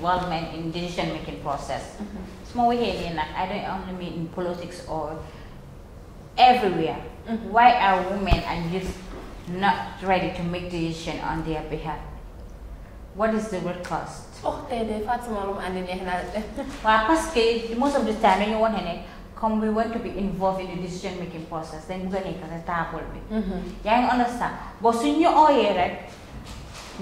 involvement in decision-making process su ma waxee lii I don't only mean in politics or everywhere mm-hmm. why are women and youth not ready to make decision on their behalf what is the root cause oh tey de Fatima lu mu andi neex na waaw most of the time when you want, ne come we want to be involved in the decision making process dañ bugg a nekk sa table bi yaa ngi understand But boo suñ all ooyee right?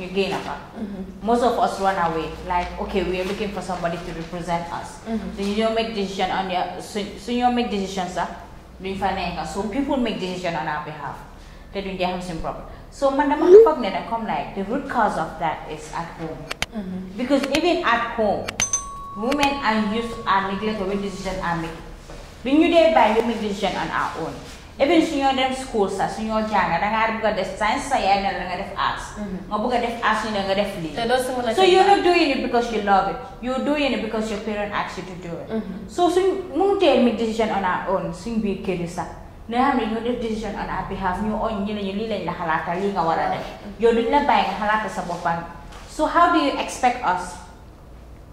gain mm-hmm. Most of us run away. Like, okay, we are looking for somebody to represent us. Mm-hmm. So you don't make decision on your so, so you don't make decisions, sir. Ah, ah. So people make decision on our behalf. They don't have some problem. So Madam mm-hmm. I come like the root cause of that is at home. Mm-hmm. Because even at home, women are used are neglected when decisions are made. When you day by we make decision on our own even su ñoo dem school sa su ñoo jàng dangaa bëgg a def science sa yaay ne nga def arts nga bëgg def arts ñu ne nga def lii so you're not doing it because you love it you're doing it because your parents asked you to do it mm-hmm. so suñ mënutee make decision on our own suñ biir kër yi sax nga xam ne ñoo def decision on our behalf ñu oñ ñu ne ñu lii lañ la xalaatal lii nga war def mm-hmm. yow duñ la bàyyi nga xalaata sa boppam so how do you expect us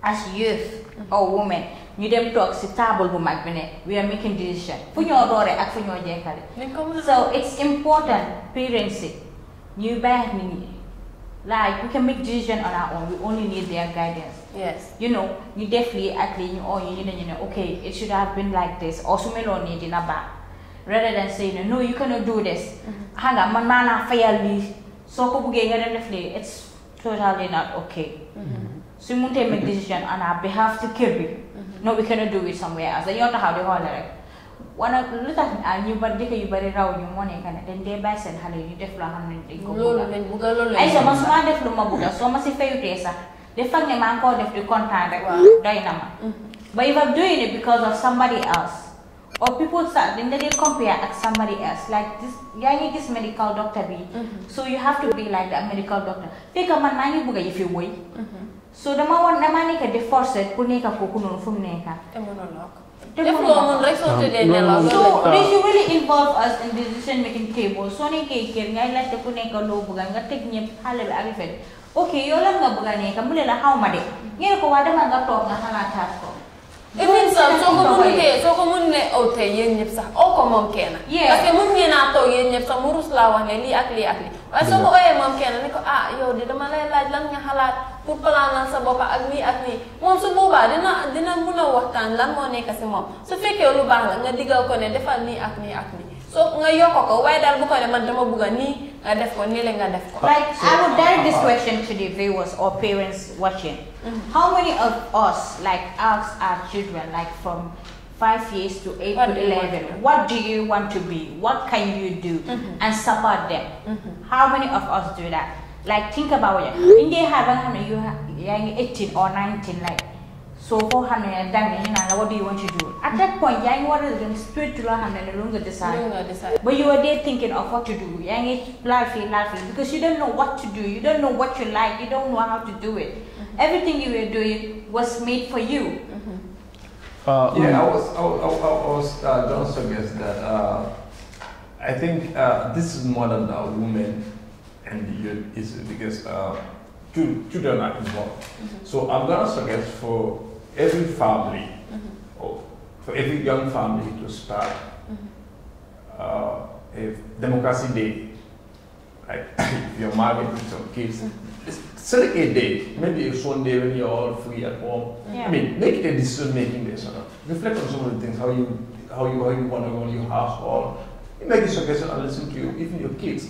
as youth or women ñu dem toog si table bu mag bi ne we are making decision fu ñoo dooree ak fu ñoo jekkale so it's important parents yi ñuy bàyyi nit ñi like we can make decision on our own we only need their guidance yes you know ñu def lii ak lii ñu oo ñu ne ñu ne okay it should have been like this or su meloon nii dina baax rather than saying no you cannot do this mm-hmm. xam nga man maa naa fayal lii soo ko buggee nga dem def lii it's totally not okay mm-hmm. So suñ mëntee make decision on our behalf ci kër bi no we cannot do it somewhere else dañoo taxaw di xoole rek wana lu tax ñu ba dëkk yu bari raw ñu moo nekk ne dañ dee bàyyi seen xale yi ñu def loo xam ne dañ ko bugga ay sa man su ma def lu ma bugga soo ma si fayutee sax dafa ne maa ngi koo def di kontaan the doy na ma mm. but if I'm doing it because of somebody else or people start then they compare at somebody else like this yeah you this medical doctor be mm -hmm. so you have to be like that medical doctor think man man you buga if you way mm-hmm so the woon damaa nekk di forcer pour nekk kooku noonu fu mu nekk. te mënoon na ko. te mënoon so they should really involve us in decision making table So soo nekkee kër ngay laajte ku nekk loo bëgg nga take ñëpp xale bi ak ok yow lan nga bëgg a nekk mu ne la xaw ma de ngeen ko waa dama nga na nga xalaataat ko. even sax soo ko mënutee soo ko mënulee aw tey yéen ñëpp sax oo ko moom kenn. parce que mën ngeen a toog yéen ñëpp sax mu rus laa wax ne lii ak lii ak lii. waaye soo ko ooyee moom kenn ni ko ah yow de dama lay laaj lan nga xalaat pour planal sa bopp ak lii ak lii moom su boobaa dina dina mën a waxtaan lan moo nekk si moom su fekkee lu baax la nga digal ko ne defal nii ak nii ak nii. so nga yokk ko waaye daal bu ko ne man dama bëgg a nii nga def ko nii la nga def ko. like I would Mm. How many of us, like ask our children, like from five years to eight what to eleven, what do you want to be? What can you do? Mm -hmm. And support them. Mm -hmm. How many of us do that? Like think about it. In they haven't you young eighteen or nineteen, like so for how many you know, what do you want to do? At that mm-hmm. point, young what is going straight to law and longer decide. But you were there thinking of what to do. Young it's laughing, laughing because you don't know what to do, you don't know what you like, you don't know how to do it everything you were doing was made for you. Mm -hmm. uh, yeah, um, I was, I, I, I was uh, don't suggest that uh, I think uh, this is more than a woman and youth issue because children are involved. Mm -hmm. So I'm going to suggest for every family, mm -hmm. or for every young family to start mm-hmm. uh, a democracy day right? if you're married with some kids, it's a day. Maybe it's one day when you're all free at home. Yeah. I mean, make a decision making day, sort of. Reflect on some of the things, how you how you how you want to run your household. You make a suggestion and listen to you, even your kids.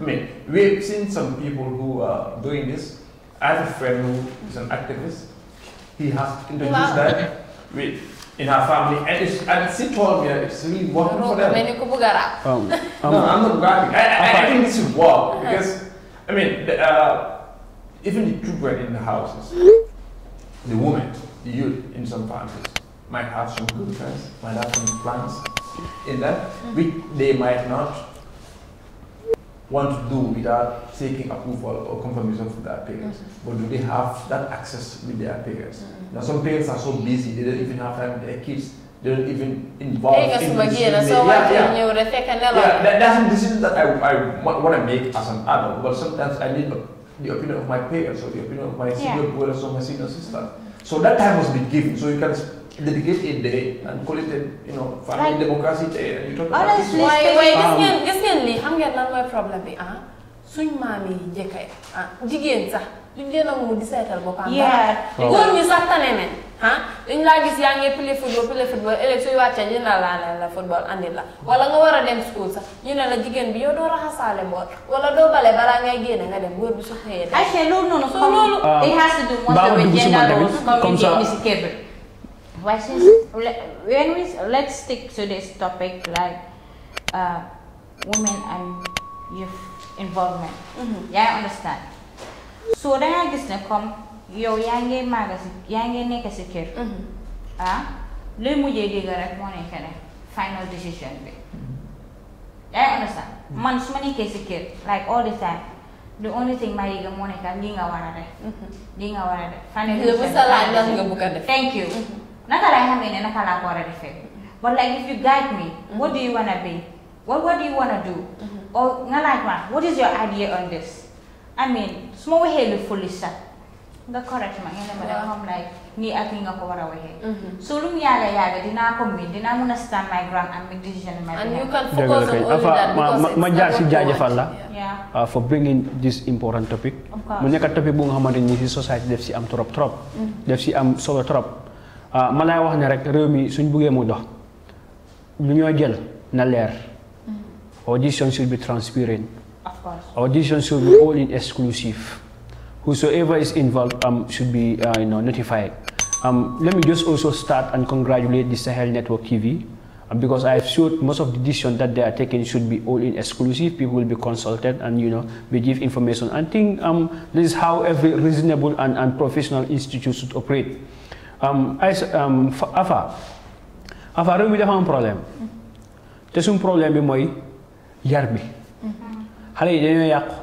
I mean, we've seen some people who are doing this. I have a friend who is an activist. He has introduced wow. that with in her family, and, and she told me it's really working no, for them. Um, um, no, I'm not grabbing. I, I, think this is work because I mean, the, uh, even the children in the houses, the women, the youth in some families might have some good friends, might have some plans in that, mm -hmm. they might not want to do without seeking approval or confirmation from their parents? Mm -hmm. But do they have that access with their parents? Mm -hmm. Now, some parents are so busy, they don't even have time with their kids. They don't even involve in yeah, yeah. yeah that's a decision that I, I want to make as an adult, but sometimes I need the opinion of my parents or the opinion of my senior yeah. brothers or my senior sisters. Mm-hmm. So that time must be given. So you can dedicate a day and call it a you know family like, democracy day. And you talk about honestly, about this. Wait, wait, um, this can this can lan mooy problème bi ah suñ maam yi ah jigéen sax duñ leen a di seetal boppam. dara oh. góor ñi sax tane nañ ah dañ laa gis yaa ngi play football play football ëllëg suy wàccee ñu ne laa ne la football andi la wala nga war dem school sax ñu ne la jigéen bi yow doo raxasaale mbool wala doo bale balaa ngay génne nga dem góor bi su xëyee dem. ayca loolu noonu. soo loolu ah, it has to do most Why since when we let's stick to this topic like uh women and youth involvement mm-hmm. Yeah, I understand so then, gis ne comme yow yaa ngi magazine, si yaa ngi nekk si kër mm-hmm. ah luy mujjee dégg rek moo nekk ne final decision bi Yeah, I understand mm-hmm. man su ma nekkee si like all the time the only thing ma yëg moo nekk lii nga war a def lii nga war a def final decision nga bugg a def thank you naka lay xamee ne naka laa ko war a defee but like if you guide me what do you wanna be What, what do you want to do? Mm -hmm. Or nga like man, what is your idea on this? I mean, small helu fully set. The correct man, yun naman ang like, ni ati nga ko wara wehe mm-hmm. So lum yaga yaga, di na ako mid, di na mo na stand my ground and make decision my And you can focus on all that because ma, ja si Jaja fala. yeah. Uh, for bringing this important topic. Mu nekk topic bu nga xamante ni si society def si am trop trop. Mm-hmm. Def si am solo trop. malay uh, ma lay wax ne rek rew mi suñ bugge mu dox lu ñoo jël na leer. Audition should be transparent. Of course. Audition should be all in exclusive. Whosoever is involved um, should be uh, you know, notified. Um, let me just also start and congratulate the Sahel Network TV um, because I've showed most of the decisions that they are taking should be all in exclusive. People will be consulted and, you know, we give information. I think um, this is how every reasonable and, and professional institute should operate. Um, as, um, AFA, AFA, we have a problem. There's a problem, yar bi xale yi dañoo yàqu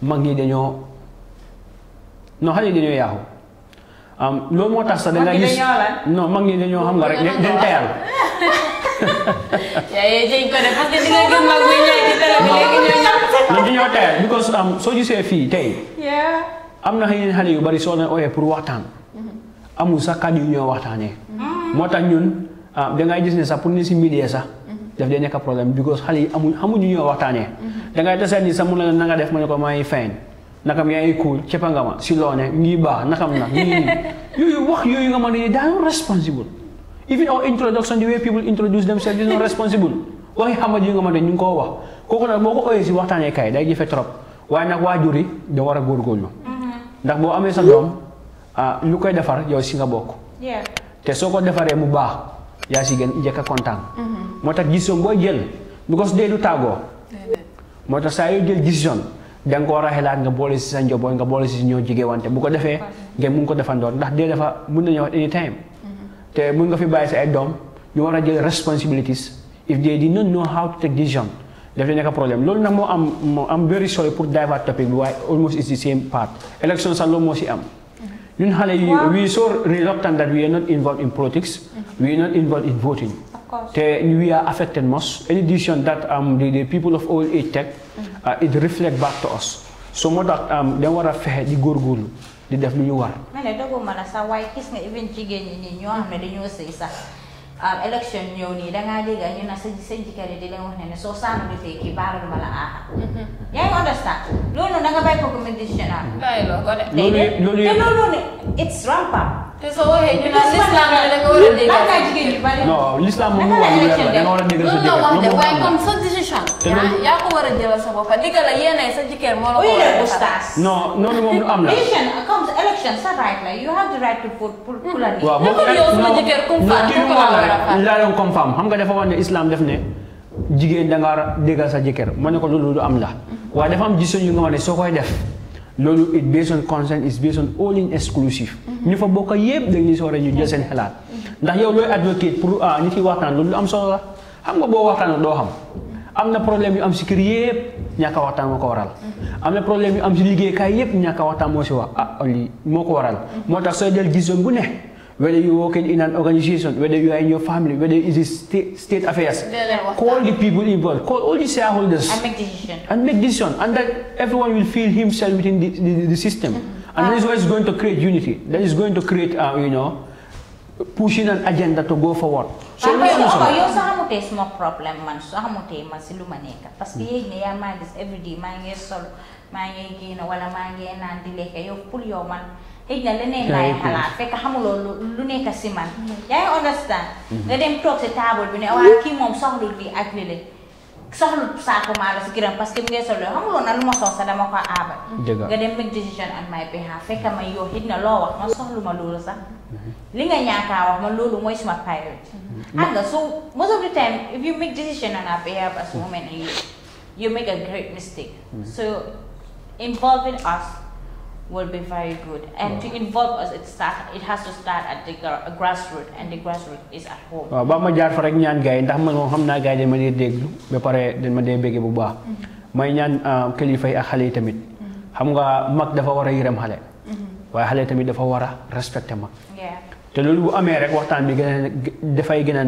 mag ñi dañoo non xale yi dañoo yàqu loolu moo tax sax da mag ñi dañoo xam nga rek dañ tayal dañoo tayal because soo gisee fii tey am na yeneen xale yu bari soo leen ooyee pour waxtaan mm-hmm. amul sax kàddu yu ñoo waxtaanee mm-hmm. moo tax ñun ah, dangay gis ne sax pour ni si media sax daf dee nekk problème because xale yi amuñ amuñu ñoo waxtaanee. Mm-hmm. dangay ngay deseet sax mun na nga def ma ne ko maa ngi feeñ nakam yaa ngi kuul cëppa nga ma si loone ngi baax nakam nag nii yooyu wax yooyu nga mën a daanu responsible even our introduction the way people introduce themselves is not responsible waxi xamat yu nga mën ne ñu ngi koo wax kooku nag boo ko oyee si waxtaanee kay day jëfe trop waaye nag waajur yi da war a góorgóorlu mm-hmm. ndax boo amee sa doom ah, lu koy defar yow si nga bokk te soo ko defaree mu baax Ya si gën njëkk a kontaan. moo mhm. tax décision boo jël because dee du tago, moo tax saa yoo jël décision da ko koo raxelaat nga boole si sa njaboot nga boole si ñoo jigéen wante bu ko defee ngeen mun ko defandoor ndax dee dafa mun nañoo wax any time. te mun nga fi bàyyi si ay doom ñu war jël responsibilities if they did not know how to take decision daf lay nekk problem loolu nag mo am mo am very sorry pour divert topic bi waaye almost is the same part election sa lo mo si am. ñun xale yi we so reluctant that we are not involved in politics we are not involved in voting. Of course. we are affected most. In addition, that um, the, the people of old age take, mm-hmm. uh, it reflects back to us. So more that um, they to affected, the gurgul, the def lu ñu war. mais ne dogu ma la sax waaye gis nga even jigéen ñi nii ñoo xam ne dañoo sëy sax um, election ñëw nii da ngaa dégg ñu na sa sa jëkkër yi di leen wax ne ne soo saanu di tey kii baaral ma la aaxa. Mm-hmm. yaa understand loolu da nga bàyyi ko community national. loolu loolu loolu it's rampant. te soo waxee ñu a déggal. moom lu am la. xam nga dafa wax ne islam def ne jigéen da war a déggal sa jëkkër ma ne ko loolu lu am la hmm. waaye dafa am gisoon nga xam ne soo koy def loolu it based on consent is based on all inclusive mhm. ñu fa bokk yëpp dañuy soore ñu jël seen xalaat mhm. ndax yow looy advocate pour ah, nit yi waxtaan loolu lu am solo la xam nga boo waxtaan doo xam am na problème yu am si kër yëpp ñàkk waxtaan moo ko waral mhm. am na problème yu am si liggéeykaay yëpp ñàkk a waxtaan moo si wax ah moo ko waral moo tax soo jël gisoon bu ne whether you're working in an organization, whether you are in your family, whether it is state, state affairs, call the people involved, call all the shareholders. And make decision. And make decision. And that everyone will feel himself within the, the, the system. Mm -hmm. And wow. that is ah. what is going to create unity. That is going to create, uh, you know, pushing an agenda to go forward. So and listen, okay, you also have a small problem, man. So how much time is Lumaneka? Because you may mind is every day, man. You solo, man. You know, while man, you and the lake, you pull your man. xëy na leneen laay xalaat fekk xamuloo lu nekk si man yaa ngi understand nga dem toog si table bi ne waaye kii moom soxlu li ak li soxlu saako maa si këram parce que mu ngi soxla xamuloo na lu ma soxla dama ko aabal nga dem make decision on my behalf fekk ma yow xëy loo wax man soxlu ma loolu sax li nga ñaakaa wax man loolu mooy suma priority xam nga so most of the time if you make decision on our behalf as women you make a great mistake so involving will be very good. And wow. to involve us, it start, it has to start at the grassroots, and the grassroots is at home. waaw ba ma jaar fa rek ñaan gars yi ndax man moom xam naa dañ ma dee déglu ba pare dañ ma dee bégge bu baax. Mm-hmm. may ñaan uh, kilifa yi ak xale yi tamit. xam mm-hmm. nga mak. dafa war a yërëm xale. Mm-hmm. waaye xale tamit dafa war a respecté mag. te loolu bu amee rek waxtaan bi gën a dafay gën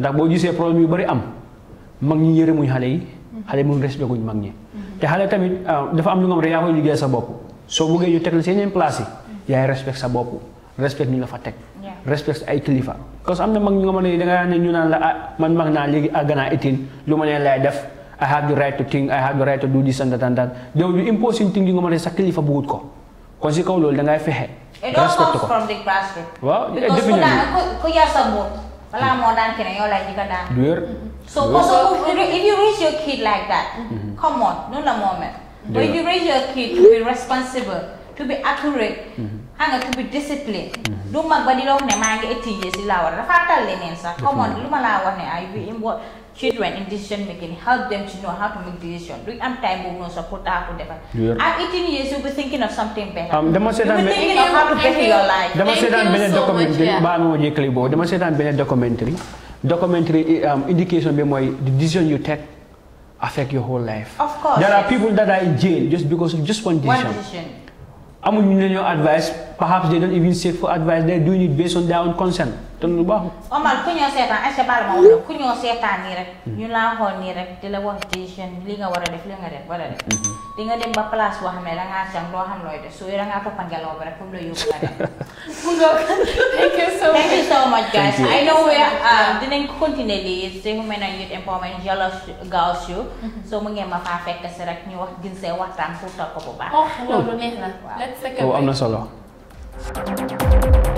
ndax boo gisee problème yu bari am mag ñi yërëmuñ xale yi. xale mu respecté guñ mag ñi. te xale tamit uh, dafa am lu nga xam ne koy ya liggéey sa bopp. soo bëggee ñu teg la seen place yi yaay respect sa bopp respect ñu la fa teg. respect ay kilifa. parce que am na mag ñu nga ma da dangaa ne ñu naan la ah man mag naa léegi à ah, gannaaw itin lu ma leen lay def I have the right to think I have the right to do this and that and that yow yu imposing thing yu nga ma ne sa kilifa bëggut ko kon si kaw loolu dangay fexe. respect ko eh, waaw ku yar sa bopp balaa mm-hmm. moo daan kene yow lay jëkk a daan. du wér. so if you raise your kid like that. Mm-hmm. come on noonu la moo mel. Yeah. When you raise your kid to be responsible, to be accurate, mm-hmm. hanga to be disciplined. Lu mag ba dilaw ne mangi eti yes ilawa. Rafatal lenen sa. Come on, lu malawa ne I be involved children in decision making, help them to know how to make decisions. During am time we no support ako dapat. At 18 years you'll be thinking of something better. Um, dama you'll be thinking of how to better your life. Dama sedan bene documentary ba mo jekli bo. Dama sedan documentary. Documentary eh, um, indication be moy the decision you take affect your whole life. Of course. There yes. are people that are in jail just because of just one decision. One decision. amuñu ne ñoo advice perhaps they don't even seek for advice they're doing it based on their own consent te lu baaxul. Omar ku ñoo ñoo seetaan nii rek. ñu laa xool nii rek la wax décision li nga war a def mhm. di nga dem ba place boo xam ne da ngaa jàng doo xam looy soo yore da ngaa topp ngelaw ba rek ko bu baax. oh loolu neex na. waaw am na solo. Thank you.